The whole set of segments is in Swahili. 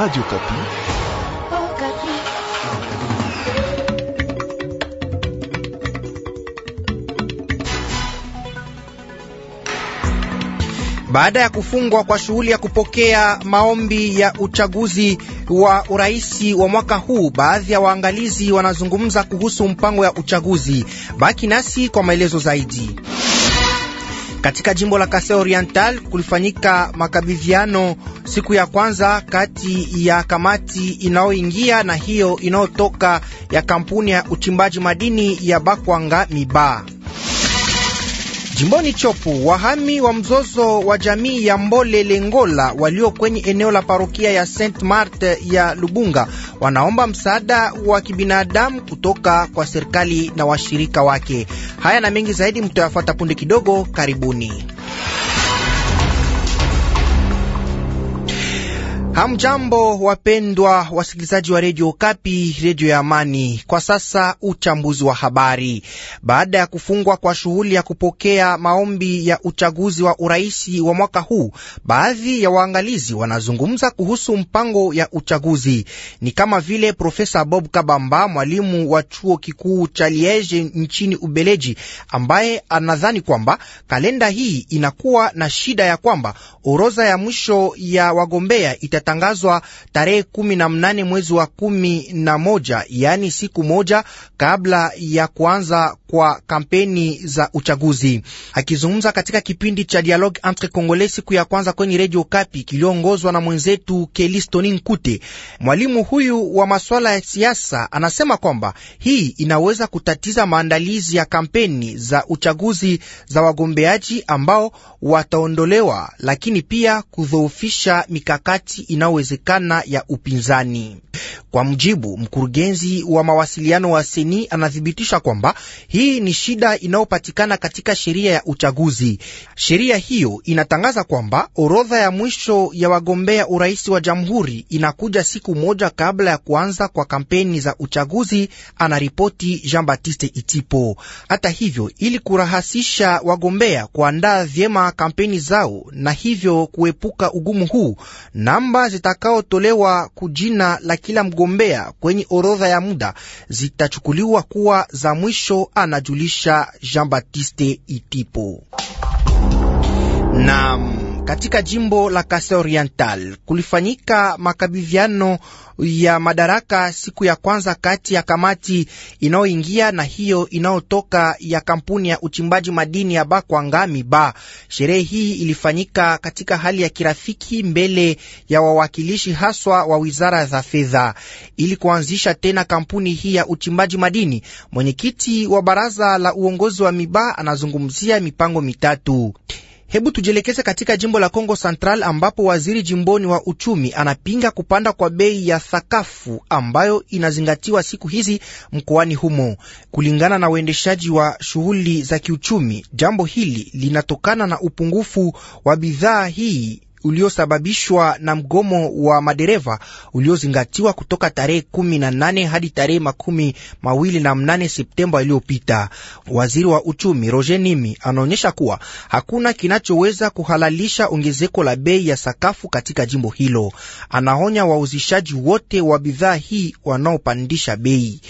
Radio Okapi. Baada ya kufungwa kwa shughuli ya kupokea maombi ya uchaguzi wa uraisi wa mwaka huu, baadhi ya waangalizi wanazungumza kuhusu mpango ya uchaguzi. Baki nasi kwa maelezo zaidi. Katika jimbo la Kasai Oriental kulifanyika makabidhiano siku ya kwanza kati ya kamati inayoingia na hiyo inayotoka ya kampuni ya uchimbaji madini ya Bakwanga Miba. Jimboni Chopo, wahami wa mzozo wa jamii ya Mbole Lengola walio kwenye eneo la parokia ya Saint Marte ya Lubunga wanaomba msaada wa kibinadamu kutoka kwa serikali na washirika wake. Haya na mengi zaidi mtayafuata punde kidogo. Karibuni. Hamjambo, wapendwa wasikilizaji wa redio Kapi, redio ya Amani. Kwa sasa uchambuzi wa habari. Baada ya kufungwa kwa shughuli ya kupokea maombi ya uchaguzi wa uraisi wa mwaka huu, baadhi ya waangalizi wanazungumza kuhusu mpango ya uchaguzi. Ni kama vile Profesa Bob Kabamba, mwalimu wa chuo kikuu cha Liege nchini Ubeleji, ambaye anadhani kwamba kalenda hii inakuwa na shida ya kwamba orodha ya mwisho ya wagombea itata yatatangazwa tarehe kumi na mnane mwezi wa kumi na moja, yaani siku moja kabla ya kuanza kwa kampeni za uchaguzi. Akizungumza katika kipindi cha Dialogue Entre Congolais siku ya kwanza kwenye Redio Kapi kiliongozwa na mwenzetu Kelistoni Nkute, mwalimu huyu wa masuala ya siasa anasema kwamba hii inaweza kutatiza maandalizi ya kampeni za uchaguzi za wagombeaji ambao wataondolewa, lakini pia kudhoofisha mikakati inayowezekana ya upinzani. Kwa mjibu mkurugenzi wa mawasiliano wa seni, anathibitisha kwamba hii ni shida inayopatikana katika sheria ya uchaguzi. Sheria hiyo inatangaza kwamba orodha ya mwisho ya wagombea urais wa jamhuri inakuja siku moja kabla ya kuanza kwa kampeni za uchaguzi, anaripoti Jean Baptiste Itipo. Hata hivyo, ili kurahisisha wagombea kuandaa vyema kampeni zao na hivyo kuepuka ugumu huu, namba zitakaotolewa kujina la kila mgombea wagombea kwenye orodha ya muda zitachukuliwa kuwa za mwisho, anajulisha Jean Baptiste Itipo. Naam katika jimbo la Kasai Oriental kulifanyika makabidhiano ya madaraka siku ya kwanza kati ya kamati inayoingia na hiyo inayotoka ya kampuni ya uchimbaji madini ya Bakwangami ba. Sherehe hii ilifanyika katika hali ya kirafiki mbele ya wawakilishi haswa wa wizara za fedha ili kuanzisha tena kampuni hii ya uchimbaji madini. Mwenyekiti wa baraza la uongozi wa Miba anazungumzia mipango mitatu. Hebu tujielekeze katika jimbo la Kongo Central ambapo waziri jimboni wa uchumi anapinga kupanda kwa bei ya sakafu ambayo inazingatiwa siku hizi mkoani humo. Kulingana na uendeshaji wa shughuli za kiuchumi, jambo hili linatokana na upungufu wa bidhaa hii uliosababishwa na mgomo wa madereva uliozingatiwa kutoka tarehe kumi na nane hadi tarehe makumi mawili na mnane Septemba iliyopita. Waziri wa uchumi Roger Nimi anaonyesha kuwa hakuna kinachoweza kuhalalisha ongezeko la bei ya sakafu katika jimbo hilo. Anaonya wauzishaji wote wa bidhaa hii wanaopandisha bei.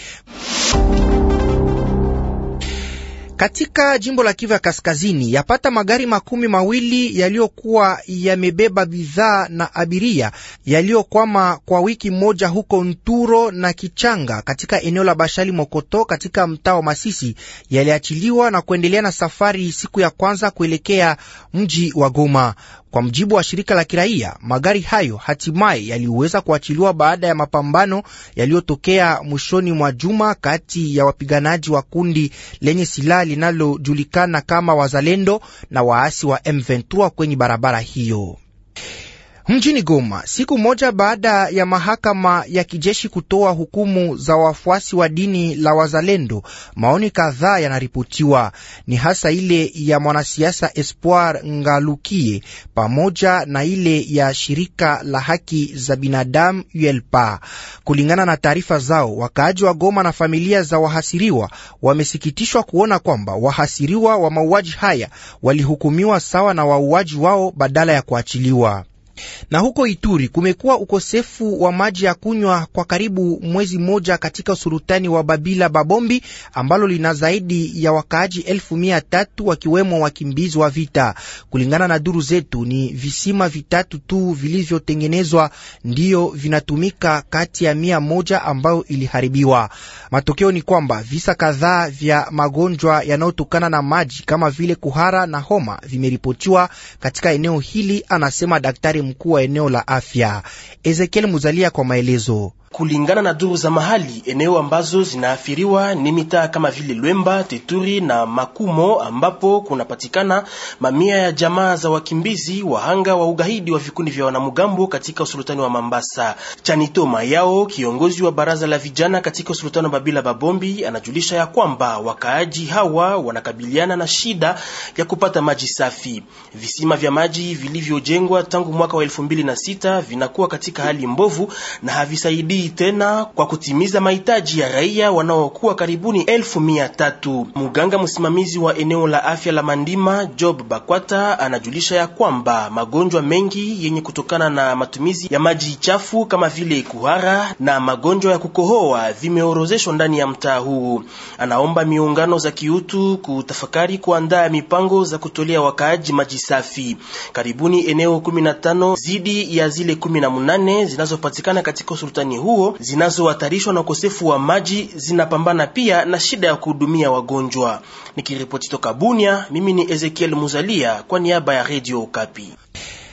Katika jimbo la Kivu ya Kaskazini, yapata magari makumi mawili yaliyokuwa yamebeba bidhaa na abiria yaliyokwama kwa wiki moja huko Nturo na Kichanga katika eneo la Bashali Mokoto katika mtaa wa Masisi yaliachiliwa na kuendelea na safari siku ya kwanza kuelekea mji wa Goma. Kwa mjibu wa shirika la kiraia, magari hayo hatimaye yaliweza kuachiliwa baada ya mapambano yaliyotokea mwishoni mwa juma kati ya wapiganaji wa kundi lenye silaha linalojulikana kama Wazalendo na waasi wa M23 kwenye barabara hiyo. Mjini Goma, siku moja baada ya mahakama ya kijeshi kutoa hukumu za wafuasi wa dini la Wazalendo, maoni kadhaa yanaripotiwa. Ni hasa ile ya mwanasiasa Espoir Ngalukie pamoja na ile ya shirika la haki za binadamu ULPA. Kulingana na taarifa zao, wakaaji wa Goma na familia za wahasiriwa wamesikitishwa kuona kwamba wahasiriwa wa mauaji haya walihukumiwa sawa na wauaji wao badala ya kuachiliwa. Na huko Ituri kumekuwa ukosefu wa maji ya kunywa kwa karibu mwezi mmoja katika usurutani wa Babila Babombi ambalo lina zaidi ya wakaaji elfu mia tatu wakiwemo wakimbizi wa vita. Kulingana na duru zetu, ni visima vitatu tu vilivyotengenezwa ndiyo vinatumika kati ya mia moja ambayo iliharibiwa. Matokeo ni kwamba visa kadhaa vya magonjwa yanayotokana na maji kama vile kuhara na homa vimeripotiwa katika eneo hili, anasema daktari mkuu wa eneo la afya Ezekiel Muzalia kwa maelezo. Kulingana na duru za mahali, eneo ambazo zinaathiriwa ni mitaa kama vile Lwemba, Teturi na Makumo, ambapo kunapatikana mamia ya jamaa za wakimbizi wahanga wa ugaidi wa vikundi vya wanamgambo katika usultani wa Mambasa. Chanito Mayao, kiongozi wa baraza la vijana katika usultani wa Babila Babombi, anajulisha ya kwamba wakaaji hawa wanakabiliana na shida ya kupata maji safi. Visima vya maji vilivyojengwa tangu mwaka wa elfu mbili na sita vinakuwa katika hali mbovu na havisaidii tena kwa kutimiza mahitaji ya raia wanaokuwa karibuni elfu mia tatu. Muganga msimamizi wa eneo la afya la Mandima Job Bakwata anajulisha ya kwamba magonjwa mengi yenye kutokana na matumizi ya maji chafu kama vile kuhara na magonjwa ya kukohoa vimeorozeshwa ndani ya mtaa huu. Anaomba miungano za kiutu kutafakari kuandaa mipango za kutolea wakaaji maji safi. Karibuni eneo tano zidi ya zile kumi na munane zinazopatikana katika usultani huo zinazohatarishwa na ukosefu wa maji, zinapambana pia na shida ya kuhudumia wagonjwa. Nikiripoti toka Bunia, mimi ni Ezekiel Muzalia kwa niaba ya Radio Okapi.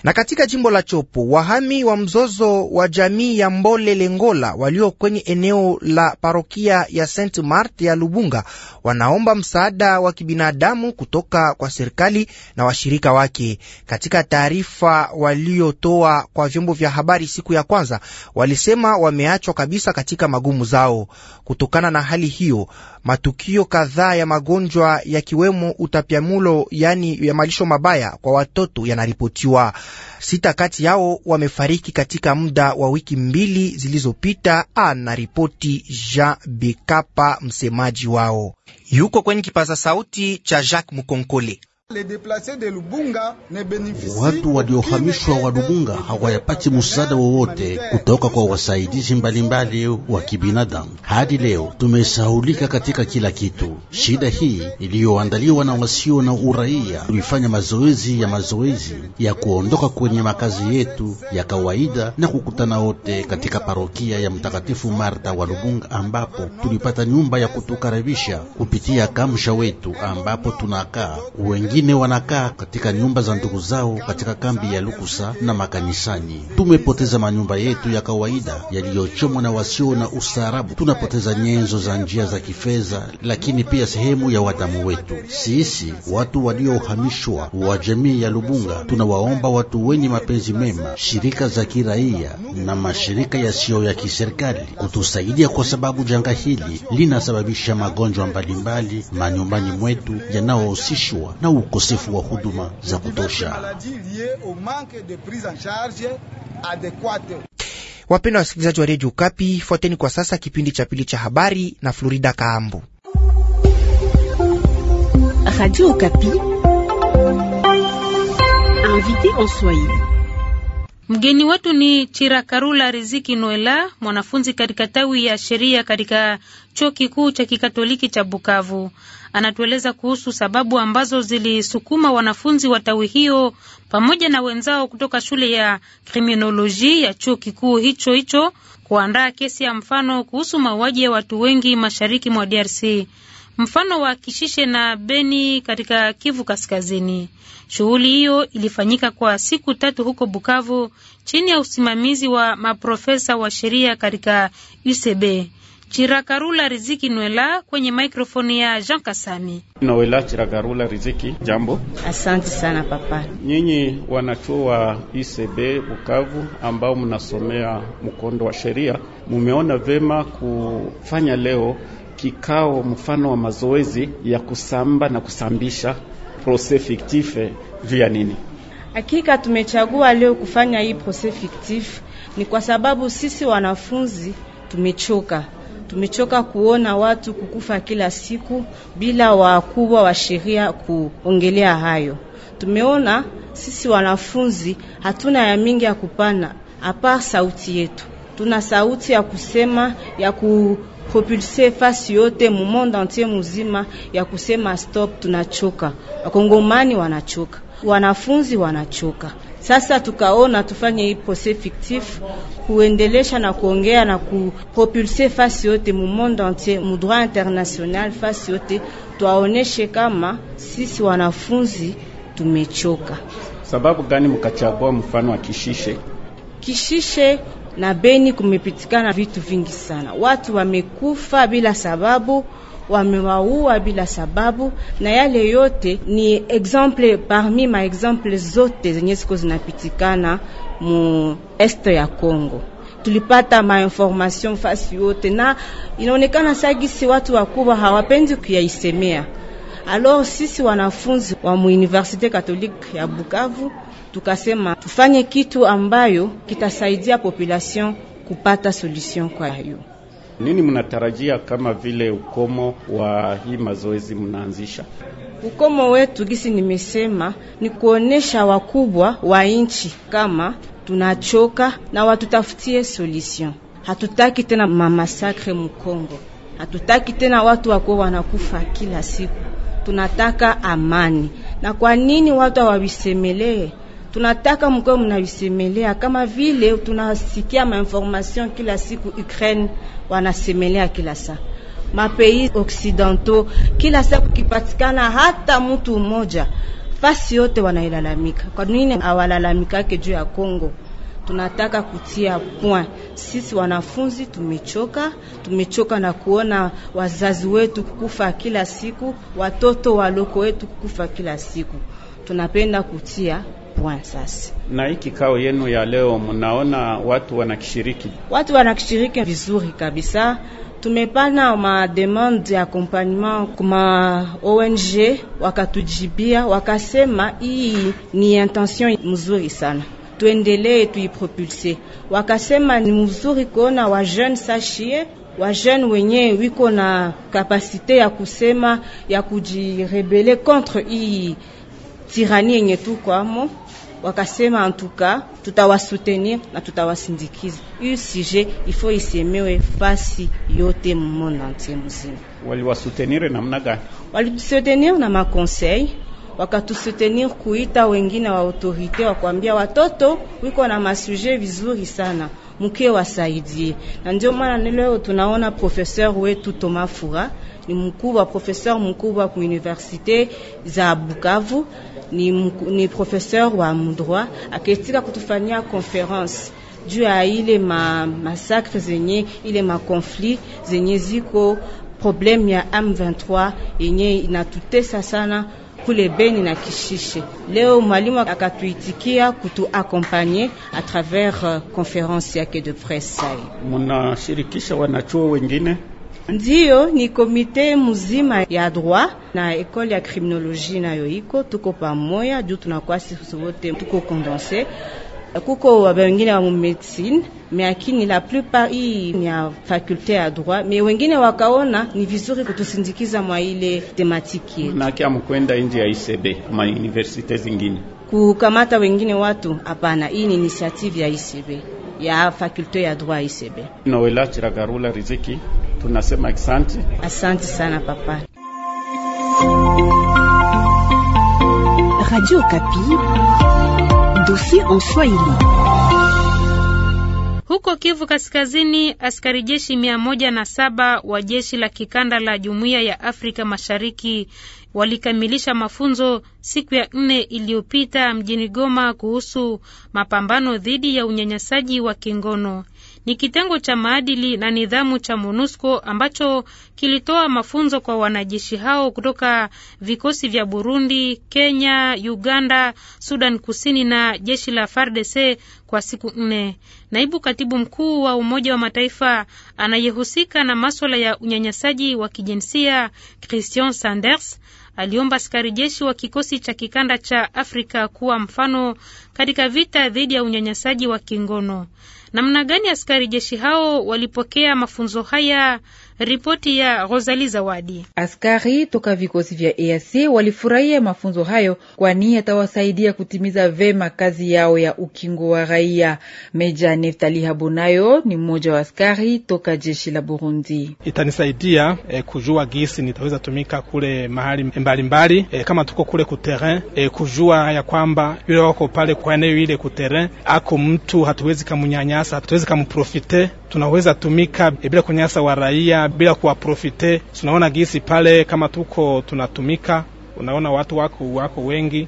Na katika jimbo la Chopo, wahami wa mzozo wa jamii ya Mbole Lengola walio kwenye eneo la parokia ya St Marte ya Lubunga wanaomba msaada wa kibinadamu kutoka kwa serikali na washirika wake. Katika taarifa waliotoa kwa vyombo vya habari siku ya kwanza, walisema wameachwa kabisa katika magumu zao. Kutokana na hali hiyo, matukio kadhaa ya magonjwa yakiwemo utapiamulo, yaani ya malisho mabaya kwa watoto yanaripotiwa. Sita kati yao wamefariki katika muda wa wiki mbili zilizopita, anaripoti Jean Bekapa, msemaji wao. Yuko kwenye kipaza sauti cha Jacques Mukonkole. Watu waliohamishwa wa Lubunga hawayapati msaada wowote kutoka kwa wasaidizi mbalimbali wa kibinadamu. Hadi leo tumesahulika katika kila kitu. Shida hii iliyoandaliwa na wasio na uraia, tulifanya mazoezi ya mazoezi ya kuondoka kwenye makazi yetu ya kawaida na kukutana wote katika parokia ya Mtakatifu Marta wa Lubunga, ambapo tulipata nyumba ya kutukaribisha kupitia kamsha wetu ambapo tunakaa wengi wengine wanakaa katika nyumba za ndugu zao katika kambi ya Lukusa na makanisani. Tumepoteza manyumba yetu ya kawaida yaliyochomwa na wasio na ustaarabu. Tunapoteza nyenzo za njia za kifedha, lakini pia sehemu ya wadamu wetu. Sisi watu waliohamishwa wa jamii ya Lubunga tunawaomba watu wenye mapenzi mema, shirika za kiraia na mashirika yasiyo ya kiserikali kutusaidia, kwa sababu janga hili linasababisha magonjwa mbalimbali manyumbani mwetu yanayohusishwa na ukosefu wa huduma za kutosha. Wapenda wasikilizaji wa redio Kapi, fuateni kwa sasa kipindi cha pili cha habari na Florida Kaambu. Mgeni wetu ni Chirakarula Riziki Noela, mwanafunzi katika tawi ya sheria katika chuo kikuu cha kikatoliki cha Bukavu. Anatueleza kuhusu sababu ambazo zilisukuma wanafunzi wa tawi hiyo pamoja na wenzao kutoka shule ya kriminoloji ya chuo kikuu hicho hicho kuandaa kesi ya mfano kuhusu mauaji ya watu wengi mashariki mwa DRC, mfano wa Kishishe na Beni katika Kivu Kaskazini. Shughuli hiyo ilifanyika kwa siku tatu huko Bukavu chini ya usimamizi wa maprofesa wa sheria katika UCB. Chirakarula Riziki Nwela kwenye mikrofoni ya Jean Kasami. Nwela Chirakarula Riziki, jambo. Asante sana papa. Nyinyi wanachuo wa ICB Bukavu ambao mnasomea mkondo wa sheria, mumeona vema kufanya leo kikao mfano wa mazoezi ya kusamba na kusambisha proces fiktife juu ya nini? Hakika tumechagua leo kufanya hii proces fiktife ni kwa sababu sisi wanafunzi tumechoka Tumechoka kuona watu kukufa kila siku bila wakubwa wa sheria kuongelea hayo. Tumeona sisi wanafunzi hatuna ya mingi ya kupana hapa, sauti yetu tuna sauti ya kusema ya populse fasi yote mumonda monde entier muzima ya kusema stop. Tunachoka, wakongomani wanachoka, wanafunzi wanachoka. Sasa tukaona tufanye hii pose fictif kuendelesha na kuongea na kupropulse fasi yote mu monde entier mu droit international, fasi yote twaoneshe kama sisi wanafunzi tumechoka. Sababu gani mkachagua mfano wa Kishishe? Kishishe na Beni kumepitikana vitu vingi sana, watu wamekufa bila sababu wamewaua bila sababu, na yale yote ni exemple parmi ma exemple zote zenye ziko zinapitikana mu este ya congo Tulipata ma information fasi yote, na inaonekana sagisi watu wakubwa hawapendi kuyaisemea. Alors sisi wanafunzi wa muuniversite katolike ya Bukavu tukasema tufanye kitu ambayo kitasaidia population kupata solution kwa hiyo nini mnatarajia kama vile ukomo wa hii mazoezi mnaanzisha? Ukomo wetu gisi nimesema ni kuonesha wakubwa wa nchi kama tunachoka na watutafutie solution. Hatutaki tena mamasakre Mkongo, hatutaki tena watu wako wanakufa kila siku, tunataka amani. Na kwa nini watu hawavisemelee? tunataka mko mnaisemelea, kama vile tunasikia mainformation kila siku Ukraine wanasemelea kila saa mapei occidentaux kila saa kukipatikana hata mtu mmoja fasi yote wanailalamika. Kwa nini hawalalamikake juu ya Kongo? Tunataka kutia point. Sisi wanafunzi tumechoka, tumechoka na kuona wazazi wetu kukufa kila siku, watoto waloko wetu kukufa kila siku. Tunapenda kutia point sasa. Na hii kikao yenu ya leo, mnaona watu wanakishiriki? Watu wanakishiriki vizuri kabisa. Tumepana ma demande ya accompagnement kuma ONG wakatujibia, wakasema hii ni intention mzuri sana tuendelee tuipropulse. Wakasema ni mzuri kuona wa jeune sashie wa jeune wenye wiko na kapasite ya kusema ya kujirebele contre hii tirani yenye tukwamo, wakasema antuka tutawasutenir na tutawasindikiza. Hii suje ifo isemewe fasi yote mumonde antie mzima. Waliwasutenir namna gani? Walisutenir na makonsei wakatusutenir kuita wengine wa autorite, wakwambia watoto wiko na masuje vizuri sana mkie wasaidie, na ndio maana leo tunaona professeur wetu toma Fura ni mkubwa, professeur mkubwa ku universite za Bukavu, ni, ni professeur wa mdroit aketika kutufanyia conference juu ya ile ma, masakre zenye ile makonflit zenye ziko probleme ya M23 yenye inatutesa sana kule Beni na Kishishe. Leo mwalimu akatuitikia kutu akompanye a travers uh, konferensi yake de presse. Munashirikisha wanachuo wengine? Ndiyo, ni komite muzima ya droit na ekole ya kriminolojie nayo iko, tuko pamoya juu tunakuwa sisi wote tuko kondense kuko wengine wa mumedicine lakini la plupart hii ni ya fakulte ya droit, me wengine wakaona ni vizuri kutusindikiza mwa ile tematiki yetu, na manake amkwenda nje ya ICB ama universite zingine kukamata wengine watu. Hapana, hii ni initiative ya ICB ya fakulte ya droit ICB. Noela Chiragarula Riziki, tunasema asante, asante sana papa. Radio Kapi dosi en Swahili. Huko Kivu Kaskazini, askari jeshi mia moja na saba wa jeshi la kikanda la Jumuiya ya Afrika Mashariki walikamilisha mafunzo siku ya nne iliyopita mjini Goma kuhusu mapambano dhidi ya unyanyasaji wa kingono ni kitengo cha maadili na nidhamu cha MONUSCO ambacho kilitoa mafunzo kwa wanajeshi hao kutoka vikosi vya Burundi, Kenya, Uganda, Sudan Kusini na jeshi la FARDC kwa siku nne. Naibu katibu mkuu wa Umoja wa Mataifa anayehusika na maswala ya unyanyasaji wa kijinsia Christian Sanders aliomba askari jeshi wa kikosi cha kikanda cha Afrika kuwa mfano katika vita dhidi ya unyanyasaji wa kingono namna gani askari jeshi hao walipokea mafunzo haya Ripoti ya Rosali Zawadi. Askari toka vikosi vya EAC walifurahia mafunzo hayo, kwani yatawasaidia kutimiza vema kazi yao ya ukingo wa raia. Meja Neftali Habonayo ni mmoja wa askari toka jeshi la Burundi. Itanisaidia eh, kujua gisi nitaweza tumika kule mahali mbalimbali, eh, kama tuko kule kuterrain, eh, kujua ya kwamba yule wako pale kwa eneo ile kuterrain ako mtu, hatuwezi kamunyanyasa, hatuwezi kamprofite, tunaweza tumika eh, bila kunyanyasa wa raia bila kuwaprofite. Tunaona gisi pale kama tuko tunatumika, unaona watu wako wako wengi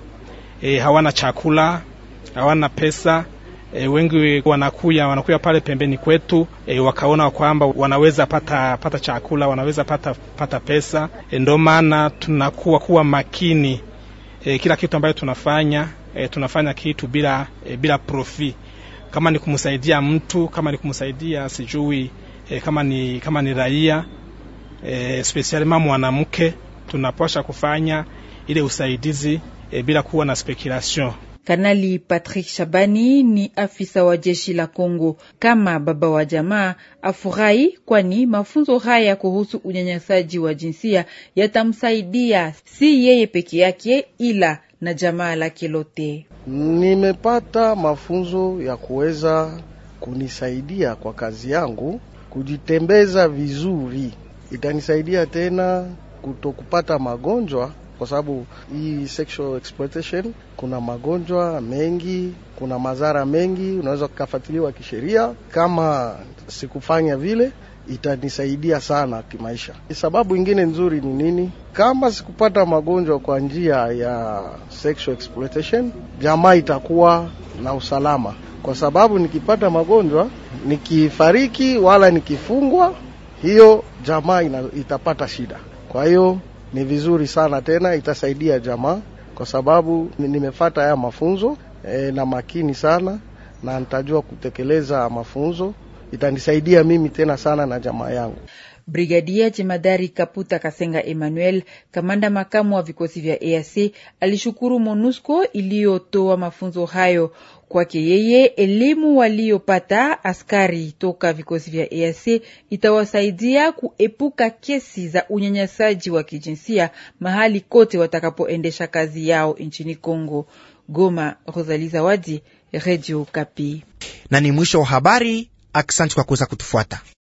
e, hawana chakula, hawana pesa e, wengi wanakuya wanakuya pale pembeni kwetu e, wakaona kwamba wanaweza pata pata chakula, wanaweza pata pata pesa e, ndio maana tunakuwa kuwa makini e, kila kitu ambayo tunafanya e, tunafanya kitu bila e, bila profi, kama ni kumsaidia mtu, kama ni kumsaidia sijui e, kama, ni, kama ni raia e, mama mwanamke tunapasha kufanya ile usaidizi e, bila kuwa na speculation. Kanali Patrick Shabani ni afisa wa jeshi la Kongo. Kama baba wa jamaa afurahi, kwani mafunzo haya kuhusu unyanyasaji wa jinsia yatamsaidia si yeye peke yake, ila na jamaa lake lote. Nimepata mafunzo ya kuweza kunisaidia kwa kazi yangu kujitembeza vizuri itanisaidia tena kutokupata magonjwa, kwa sababu hii sexual exploitation kuna magonjwa mengi, kuna madhara mengi, unaweza kukafatiliwa kisheria. Kama sikufanya vile, itanisaidia sana kimaisha. Sababu ingine nzuri ni nini? Kama sikupata magonjwa kwa njia ya sexual exploitation, jamaa itakuwa na usalama kwa sababu nikipata magonjwa, nikifariki wala nikifungwa, hiyo jamaa ina, itapata shida. Kwa hiyo ni vizuri sana tena, itasaidia jamaa kwa sababu nimefata haya mafunzo e, na makini sana na nitajua kutekeleza mafunzo, itanisaidia mimi tena sana na jamaa yangu. Brigadia jemadari Kaputa Kasenga Emmanuel, kamanda makamu wa vikosi vya EAC, alishukuru MONUSCO iliyotoa mafunzo hayo. Kwake yeye, elimu waliyopata askari toka vikosi vya EAC itawasaidia kuepuka kesi za unyanyasaji wa kijinsia mahali kote watakapoendesha kazi yao nchini Kongo. Goma, rosali Zawadi, Radio Kapi. Na ni mwisho wa habari. Aksanti kwa kuweza kutufuata.